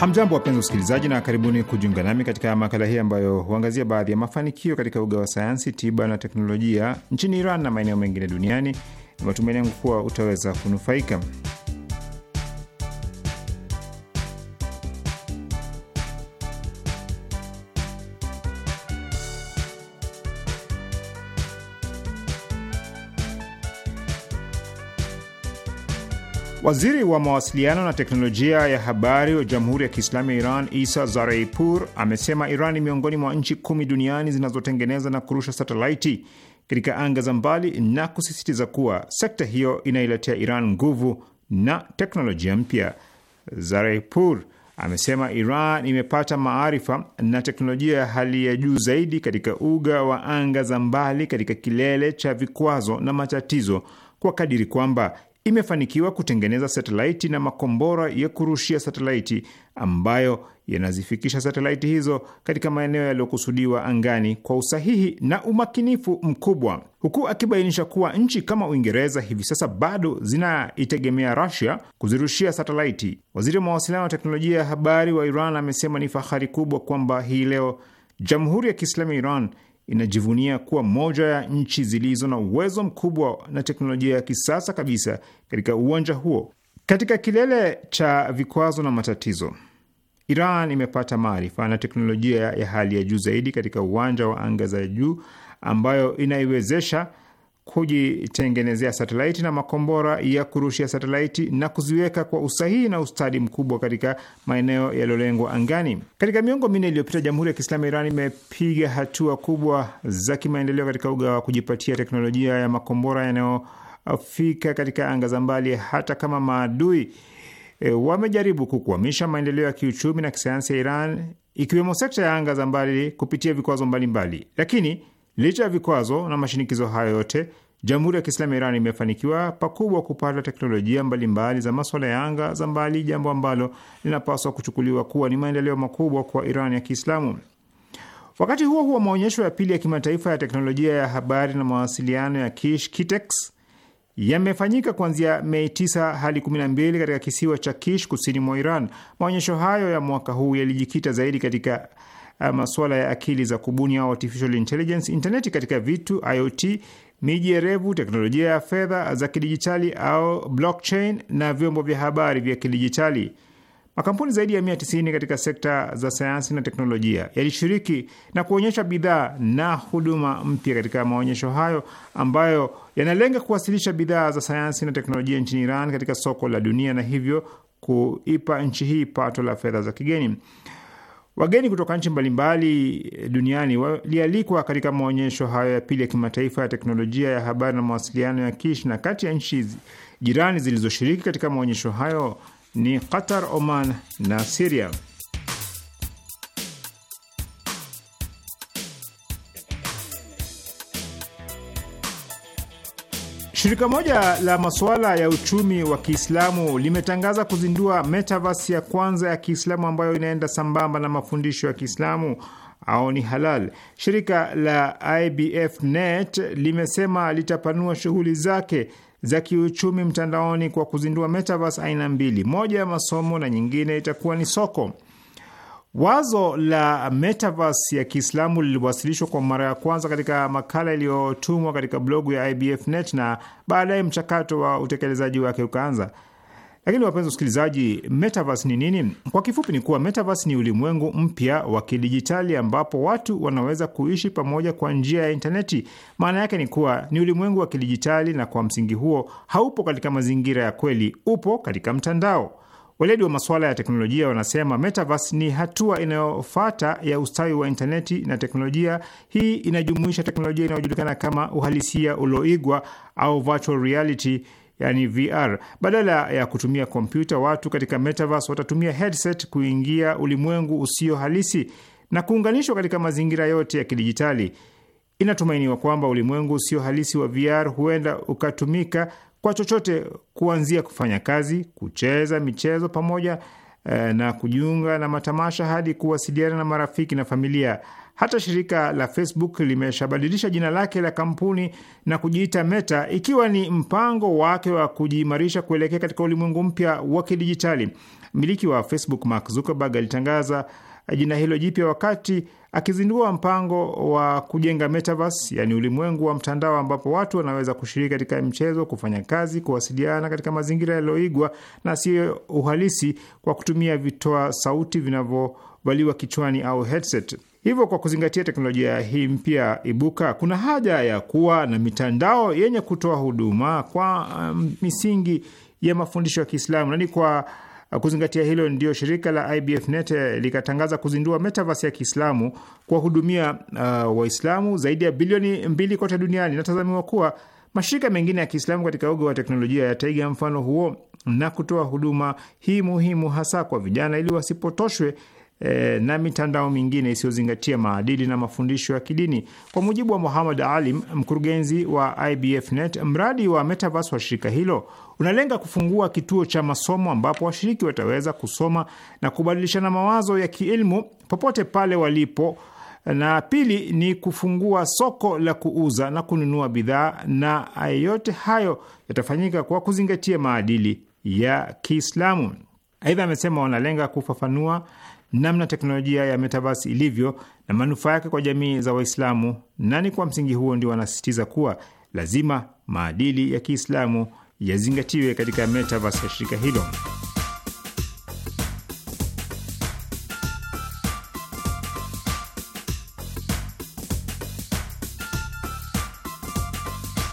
Hamjambo, wapenzi usikilizaji na karibuni kujiunga nami katika makala hii ambayo huangazia baadhi ya mafanikio katika uga wa sayansi, tiba na teknolojia nchini Iran na maeneo mengine duniani. Matumaini yangu kuwa utaweza kunufaika. Waziri wa mawasiliano na teknolojia ya habari wa Jamhuri ya Kiislamu ya Iran, Isa Zareipur, amesema Iran ni miongoni mwa nchi kumi duniani zinazotengeneza na kurusha satelaiti katika anga za mbali na kusisitiza kuwa sekta hiyo inailetea Iran nguvu na teknolojia mpya. Zareipur amesema Iran imepata maarifa na teknolojia ya hali ya juu zaidi katika uga wa anga za mbali katika kilele cha vikwazo na matatizo kwa kadiri kwamba imefanikiwa kutengeneza satelaiti na makombora ya kurushia satelaiti ambayo yanazifikisha satelaiti hizo katika maeneo yaliyokusudiwa angani kwa usahihi na umakinifu mkubwa, huku akibainisha kuwa nchi kama Uingereza hivi sasa bado zinaitegemea rasia kuzirushia satelaiti. Waziri wa mawasiliano na teknolojia ya habari wa Iran amesema ni fahari kubwa kwamba hii leo Jamhuri ya Kiislamu ya Iran inajivunia kuwa moja ya nchi zilizo na uwezo mkubwa na teknolojia ya kisasa kabisa katika uwanja huo. Katika kilele cha vikwazo na matatizo, Iran imepata maarifa na teknolojia ya hali ya juu zaidi katika uwanja wa anga za juu ambayo inaiwezesha kujitengenezea satelaiti na makombora ya kurushia satelaiti na kuziweka kwa usahihi na ustadi mkubwa katika maeneo yaliyolengwa angani. Katika miongo minne iliyopita, Jamhuri ya Kiislamu ya Iran imepiga hatua kubwa za kimaendeleo katika uga wa kujipatia teknolojia ya makombora yanayofika katika anga za mbali, hata kama maadui e, wamejaribu kukwamisha maendeleo ya kiuchumi na kisayansi ya Iran, ikiwemo sekta ya anga za mbali kupitia vikwazo mbalimbali, lakini Licha ya vikwazo na mashinikizo hayo yote, Jamhuri ya Kiislamu ya Iran imefanikiwa pakubwa kupata teknolojia mbalimbali mbali za maswala ya anga za mbali, jambo ambalo linapaswa kuchukuliwa kuwa ni maendeleo makubwa kwa Iran ya Kiislamu. Wakati huo huo, maonyesho ya pili ya kimataifa ya teknolojia ya habari na mawasiliano ya Kish Kitex yamefanyika kuanzia Mei 9 hadi 12 katika kisiwa cha Kish kusini mwa Iran. Maonyesho hayo ya mwaka huu yalijikita zaidi katika Uh, masuala ya akili za kubuni au artificial intelligence, interneti katika vitu IoT, miji erevu, teknolojia ya fedha za kidijitali au blockchain na vyombo vya habari vya kidijitali. Makampuni zaidi ya 190 katika sekta za sayansi na teknolojia yalishiriki na kuonyesha bidhaa na huduma mpya katika maonyesho hayo ambayo yanalenga kuwasilisha bidhaa za sayansi na teknolojia nchini Iran katika soko la dunia na hivyo kuipa nchi hii pato la fedha za kigeni. Wageni kutoka nchi mbalimbali eh, duniani walialikwa katika maonyesho hayo ya pili ya kimataifa ya teknolojia ya habari na mawasiliano ya Kish, na kati ya nchi jirani zilizoshiriki katika maonyesho hayo ni Qatar, Oman na Siria. Shirika moja la masuala ya uchumi wa Kiislamu limetangaza kuzindua metaverse ya kwanza ya Kiislamu ambayo inaenda sambamba na mafundisho ya Kiislamu au ni halal. Shirika la IBF Net limesema litapanua shughuli zake za kiuchumi mtandaoni kwa kuzindua metaverse aina mbili, moja ya masomo na nyingine itakuwa ni soko. Wazo la metaverse ya Kiislamu liliwasilishwa kwa mara ya kwanza katika makala iliyotumwa katika blogu ya IBFnet na baadaye mchakato wa utekelezaji wake ukaanza. Lakini wapenzi wasikilizaji, metaverse ni nini? Kwa kifupi, ni kuwa metaverse ni ulimwengu mpya wa kidijitali ambapo watu wanaweza kuishi pamoja kwa njia ya intaneti. Maana yake ni kuwa ni ulimwengu wa kidijitali, na kwa msingi huo haupo katika mazingira ya kweli, upo katika mtandao. Weledi wa masuala ya teknolojia wanasema metaverse ni hatua inayofata ya ustawi wa intaneti na teknolojia hii inajumuisha teknolojia inayojulikana kama uhalisia ulioigwa au virtual reality, yani VR. Badala ya kutumia kompyuta, watu katika metaverse watatumia headset kuingia ulimwengu usio halisi na kuunganishwa katika mazingira yote ya kidijitali. Inatumainiwa kwamba ulimwengu usio halisi wa VR huenda ukatumika kwa chochote, kuanzia kufanya kazi, kucheza michezo pamoja eh, na kujiunga na matamasha hadi kuwasiliana na marafiki na familia. Hata shirika la Facebook limeshabadilisha jina lake la kampuni na kujiita Meta, ikiwa ni mpango wake wa kujiimarisha kuelekea katika ulimwengu mpya wa kidijitali. Mmiliki wa Facebook Mark Zuckerberg alitangaza jina hilo jipya wakati akizindua mpango wa kujenga metaverse, yani ulimwengu wa mtandao ambapo watu wanaweza kushiriki katika mchezo, kufanya kazi, kuwasiliana katika mazingira yaliyoigwa na siyo uhalisi kwa kutumia vitoa sauti vinavyovaliwa kichwani au headset. Hivyo, kwa kuzingatia teknolojia hii mpya ibuka, kuna haja ya kuwa na mitandao yenye kutoa huduma kwa um, misingi ya mafundisho ya Kiislamu na ni kwa Kuzingatia hilo, ndio shirika la Net likatangaza kuzindua metaverse ya Kiislamu kuwahudumia uh, Waislamu zaidi ya bilioni mbili kote duniani. Natazamiwa kuwa mashirika mengine ya Kiislamu katika uga wa teknolojia yataiga mfano huo na kutoa huduma hii muhimu hasa kwa vijana ili wasipotoshwe E, na mitandao mingine isiyozingatia maadili na mafundisho ya kidini. Kwa mujibu wa Muhammad Alim, mkurugenzi wa IBFNet, mradi wa metaverse wa shirika hilo unalenga kufungua kituo cha masomo ambapo washiriki wataweza kusoma na kubadilishana mawazo ya kielimu popote pale walipo, na pili ni kufungua soko la kuuza na kununua bidhaa, na yote hayo yatafanyika kwa kuzingatia maadili ya Kiislamu. Aidha, amesema wanalenga kufafanua namna teknolojia ya metaverse ilivyo na manufaa yake kwa jamii za Waislamu, na ni kwa msingi huo ndio wanasisitiza kuwa lazima maadili ya Kiislamu yazingatiwe katika metaverse ya shirika hilo.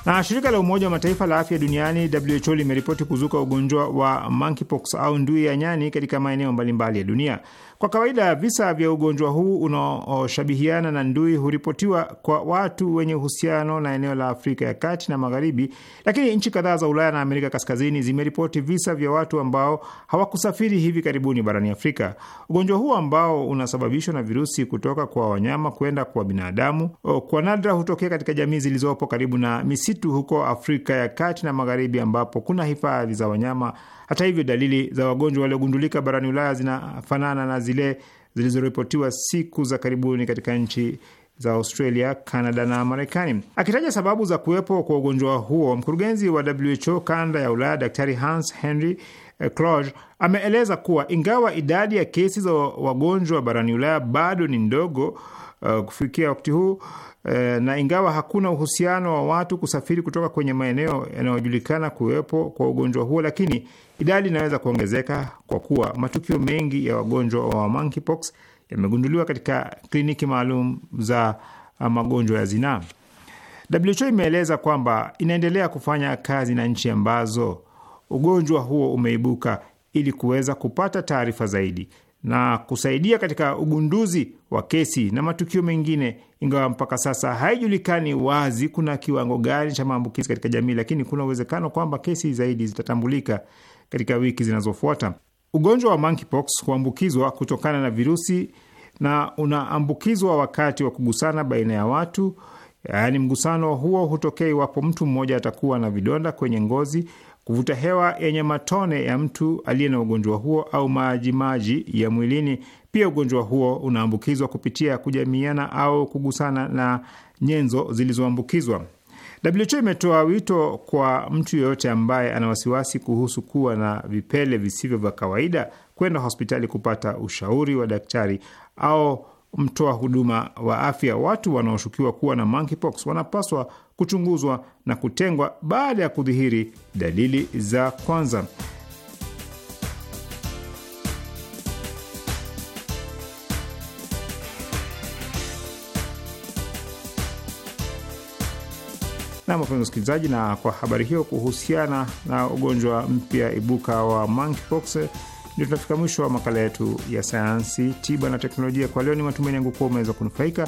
Na shirika la Umoja wa Mataifa la afya duniani WHO limeripoti kuzuka ugonjwa wa monkeypox au ndui ya nyani katika maeneo mbalimbali ya dunia. Kwa kawaida visa vya ugonjwa huu unaoshabihiana na ndui huripotiwa kwa watu wenye uhusiano na eneo la Afrika ya kati na magharibi, lakini nchi kadhaa za Ulaya na Amerika kaskazini zimeripoti visa vya watu ambao hawakusafiri hivi karibuni barani Afrika. Ugonjwa huu ambao unasababishwa na virusi kutoka kwa wanyama kwenda kwa binadamu, kwa nadra hutokea katika jamii zilizopo karibu na misitu huko Afrika ya kati na magharibi, ambapo kuna hifadhi za wanyama hata hivyo, dalili za wagonjwa waliogundulika barani Ulaya zinafanana na zile zilizoripotiwa siku za karibuni katika nchi za Australia, Canada na Marekani. Akitaja sababu za kuwepo kwa ugonjwa huo, mkurugenzi wa WHO kanda ya Ulaya, Daktari Hans Henry Kluge eh, ameeleza kuwa ingawa idadi ya kesi za wagonjwa barani Ulaya bado ni ndogo Uh, kufikia wakati huu e, na ingawa hakuna uhusiano wa watu kusafiri kutoka kwenye maeneo yanayojulikana kuwepo kwa ugonjwa huo, lakini idadi inaweza kuongezeka kwa kuwa matukio mengi ya wagonjwa wa monkeypox yamegunduliwa katika kliniki maalum za uh, magonjwa ya zinaa. WHO imeeleza kwamba inaendelea kufanya kazi na nchi ambazo ugonjwa huo umeibuka ili kuweza kupata taarifa zaidi na kusaidia katika ugunduzi wa kesi na matukio mengine, ingawa mpaka sasa haijulikani wazi kuna kiwango gani cha maambukizi katika jamii, lakini kuna uwezekano kwamba kesi zaidi zitatambulika katika wiki zinazofuata. Ugonjwa wa monkeypox huambukizwa kutokana na virusi na unaambukizwa wakati wa kugusana baina ya watu, yaani mgusano huo hutokea iwapo mtu mmoja atakuwa na vidonda kwenye ngozi kuvuta hewa yenye matone ya mtu aliye na ugonjwa huo au majimaji ya mwilini. Pia ugonjwa huo unaambukizwa kupitia kujamiana au kugusana na nyenzo zilizoambukizwa. WHO imetoa wito kwa mtu yeyote ambaye ana wasiwasi kuhusu kuwa na vipele visivyo vya kawaida kwenda hospitali kupata ushauri wa daktari au mtoa huduma wa afya. Watu wanaoshukiwa kuwa na monkeypox wanapaswa kuchunguzwa na kutengwa baada ya kudhihiri dalili za kwanza. na wapenzi wasikilizaji, na kwa habari hiyo kuhusiana na ugonjwa mpya ibuka wa monkeypox, ndio tunafika mwisho wa makala yetu ya sayansi, tiba na teknolojia kwa leo. Ni matumaini yangu kuwa umeweza kunufaika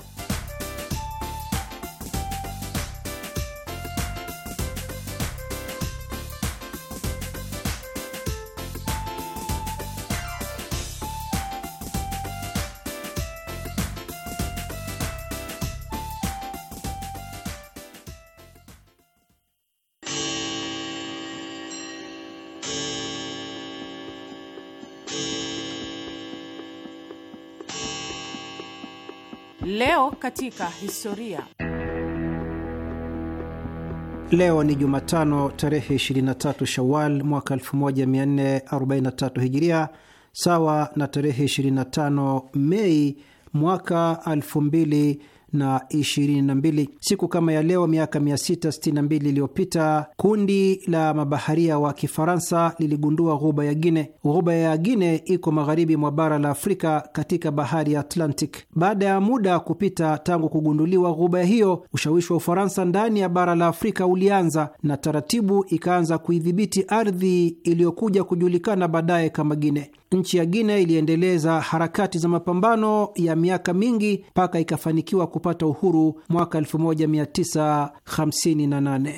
katika historia. Leo ni Jumatano tarehe 23 Shawal mwaka 1443 Hijiria, sawa na tarehe 25 Mei mwaka 2000 na mbili. Siku kama ya leo miaka 662 iliyopita kundi la mabaharia wa Kifaransa liligundua ghuba ya Gine. Ghuba ya Gine iko magharibi mwa bara la Afrika katika bahari ya Atlantic. Baada ya muda kupita tangu kugunduliwa ghuba hiyo, ushawishi wa Ufaransa ndani ya bara la Afrika ulianza na taratibu ikaanza kuidhibiti ardhi iliyokuja kujulikana baadaye kama Gine nchi ya Guinea iliendeleza harakati za mapambano ya miaka mingi mpaka ikafanikiwa kupata uhuru mwaka 1958.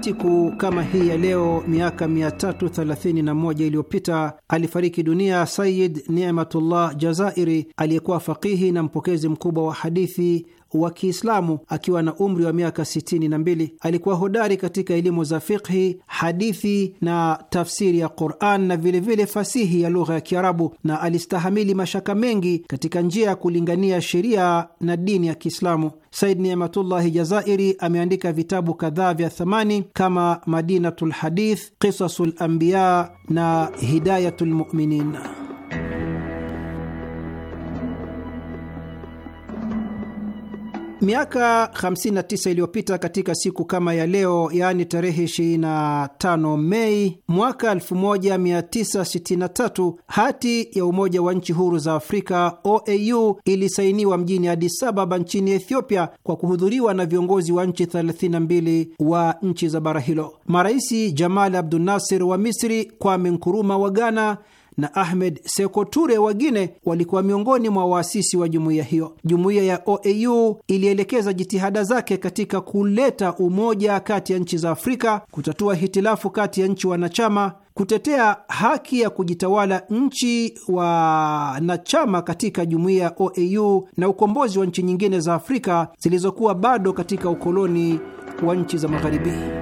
Siku kama hii ya leo miaka 331 iliyopita alifariki dunia Sayid Nematullah Jazairi, aliyekuwa fakihi na mpokezi mkubwa wa hadithi wa Kiislamu akiwa na umri wa miaka sitini na mbili. Alikuwa hodari katika elimu za fiqhi, hadithi na tafsiri ya Quran na vilevile vile fasihi ya lugha ya Kiarabu, na alistahamili mashaka mengi katika njia ya kulingania sheria na dini ya Kiislamu. Said Niamatullahi Jazairi ameandika vitabu kadhaa vya thamani kama Madinatul Hadith, Qisasul Anbiya na Hidayatul Muminin. Miaka 59 iliyopita katika siku kama ya leo, yaani tarehe 25 Mei mwaka 1963, hati ya Umoja wa Nchi Huru za Afrika OAU ilisainiwa mjini Addis Ababa nchini Ethiopia kwa kuhudhuriwa na viongozi wa nchi 32 wa nchi za bara hilo, maraisi Jamal abdu nasir wa Misri, Kwame Nkuruma wa Ghana na Ahmed sekoture wa Guine walikuwa miongoni mwa waasisi wa jumuiya hiyo. Jumuiya ya OAU ilielekeza jitihada zake katika kuleta umoja kati ya nchi za Afrika, kutatua hitilafu kati ya nchi wanachama kutetea haki ya kujitawala nchi wanachama katika jumuiya ya OAU na ukombozi wa nchi nyingine za Afrika zilizokuwa bado katika ukoloni wa nchi za Magharibi.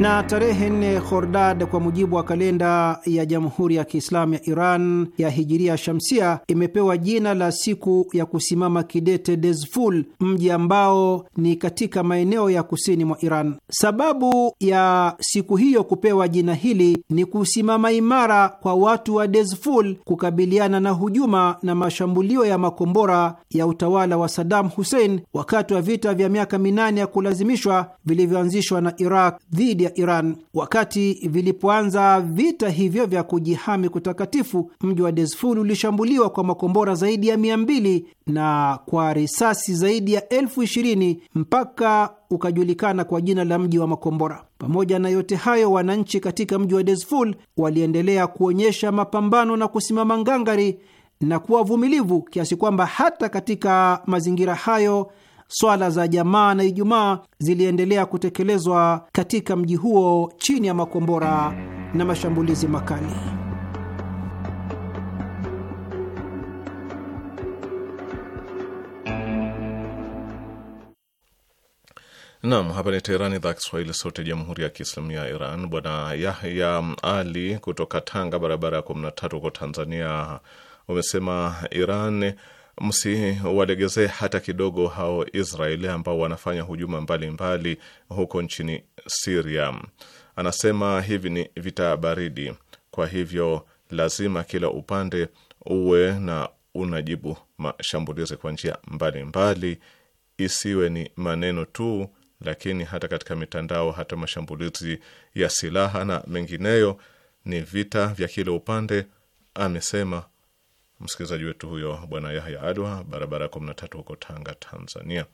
na tarehe nne Khordad kwa mujibu wa kalenda ya Jamhuri ya Kiislamu ya Iran ya hijiria shamsia imepewa jina la siku ya kusimama kidete Dezful, mji ambao ni katika maeneo ya kusini mwa Iran. Sababu ya siku hiyo kupewa jina hili ni kusimama imara kwa watu wa Dezful kukabiliana na hujuma na mashambulio ya makombora ya utawala wa Saddam Hussein wakati wa vita vya miaka minane ya kulazimishwa vilivyoanzishwa na Iraq dhidi ya Iran. Wakati vilipoanza vita hivyo vya kujihami kutakatifu, mji wa Dezfur ulishambuliwa kwa makombora zaidi ya mia mbili na kwa risasi zaidi ya elfu ishirini mpaka ukajulikana kwa jina la mji wa makombora. Pamoja na yote hayo, wananchi katika mji wa Dezful waliendelea kuonyesha mapambano na kusimama ngangari na kuwa vumilivu kiasi kwamba hata katika mazingira hayo swala za jamaa na Ijumaa ziliendelea kutekelezwa katika mji huo chini ya makombora na mashambulizi makali. Nam, hapa ni Teherani, idhaa Kiswahili, sauti ya jamhuri ya kiislamu ya Iran. Bwana Yahya Ali kutoka Tanga, barabara ya kumi na tatu, huko Tanzania, umesema Iran msiwalegezee hata kidogo hao Israeli ambao wanafanya hujuma mbalimbali mbali huko nchini Siria. Anasema hivi ni vita baridi, kwa hivyo lazima kila upande uwe na unajibu mashambulizi kwa njia mbalimbali, isiwe ni maneno tu, lakini hata katika mitandao, hata mashambulizi ya silaha na mengineyo ni vita vya kila upande, amesema msikilizaji wetu huyo Bwana Yahya Adwa, barabara ya kumi na tatu huko Tanga, Tanzania.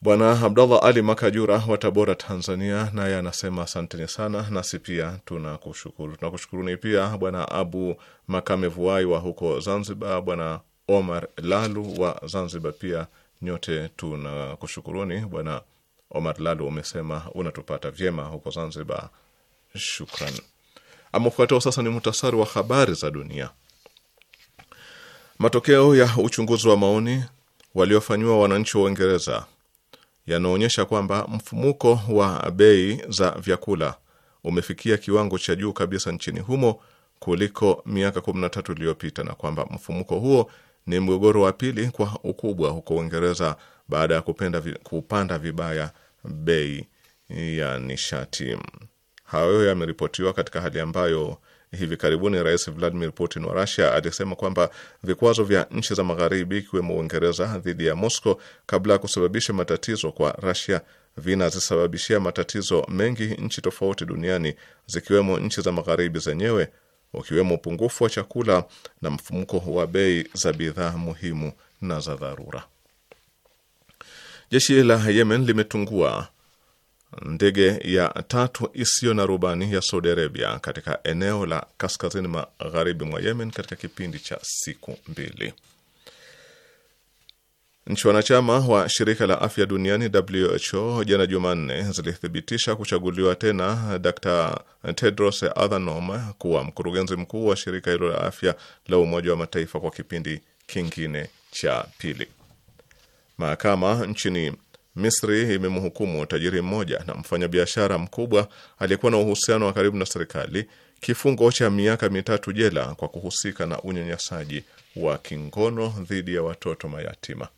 Bwana Abdallah Ali Makajura wa Tabora, Tanzania, naye anasema asanteni sana, nasi pia tunakushukuru. Tunakushukuruni pia Bwana Abu vuai wa huko Zanzibar, Bwana Omar Lalu wa Zanzibar pia nyote tunakushukuruni. Bwana Omar Lalu umesema unatupata vyema huko Zanzibar, shukran. Ama sasa ni muhtasari wa habari za dunia. Matokeo ya uchunguzi wa maoni waliofanyiwa wananchi wa Uingereza yanaonyesha kwamba mfumuko wa bei za vyakula umefikia kiwango cha juu kabisa nchini humo kuliko miaka 13 iliyopita na kwamba mfumuko huo ni mgogoro wa pili kwa ukubwa huko Uingereza baada ya kupenda kupanda vibaya bei ya nishati. Hayo yameripotiwa katika hali ambayo Hivi karibuni Rais Vladimir Putin wa Rusia alisema kwamba vikwazo vya nchi za Magharibi ikiwemo Uingereza dhidi ya Moscow kabla ya kusababisha matatizo kwa Rusia vinazisababishia matatizo mengi nchi tofauti duniani zikiwemo nchi za Magharibi zenyewe ukiwemo upungufu wa chakula na mfumuko wa bei za bidhaa muhimu na za dharura. Jeshi la Yemen limetungua ndege ya tatu isiyo na rubani ya Saudi Arabia katika eneo la kaskazini magharibi mwa Yemen katika kipindi cha siku mbili. Nchi wanachama wa shirika la afya duniani WHO jana Jumanne zilithibitisha kuchaguliwa tena Dr Tedros Adhanom kuwa mkurugenzi mkuu wa shirika hilo la afya la Umoja wa Mataifa kwa kipindi kingine cha pili. Mahakama nchini Misri imemhukumu tajiri mmoja na mfanyabiashara mkubwa aliyekuwa na uhusiano wa karibu na serikali kifungo cha miaka mitatu jela kwa kuhusika na unyanyasaji wa kingono dhidi ya watoto mayatima.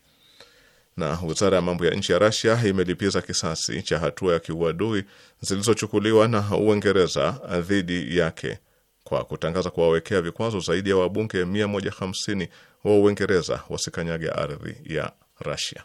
Na wizara ya mambo ya nchi ya Rasia imelipiza kisasi cha hatua ya kiuadui zilizochukuliwa na Uingereza dhidi yake kwa kutangaza kuwawekea vikwazo zaidi ya wabunge 150 wa Uingereza wasikanyage ardhi ya Rasia.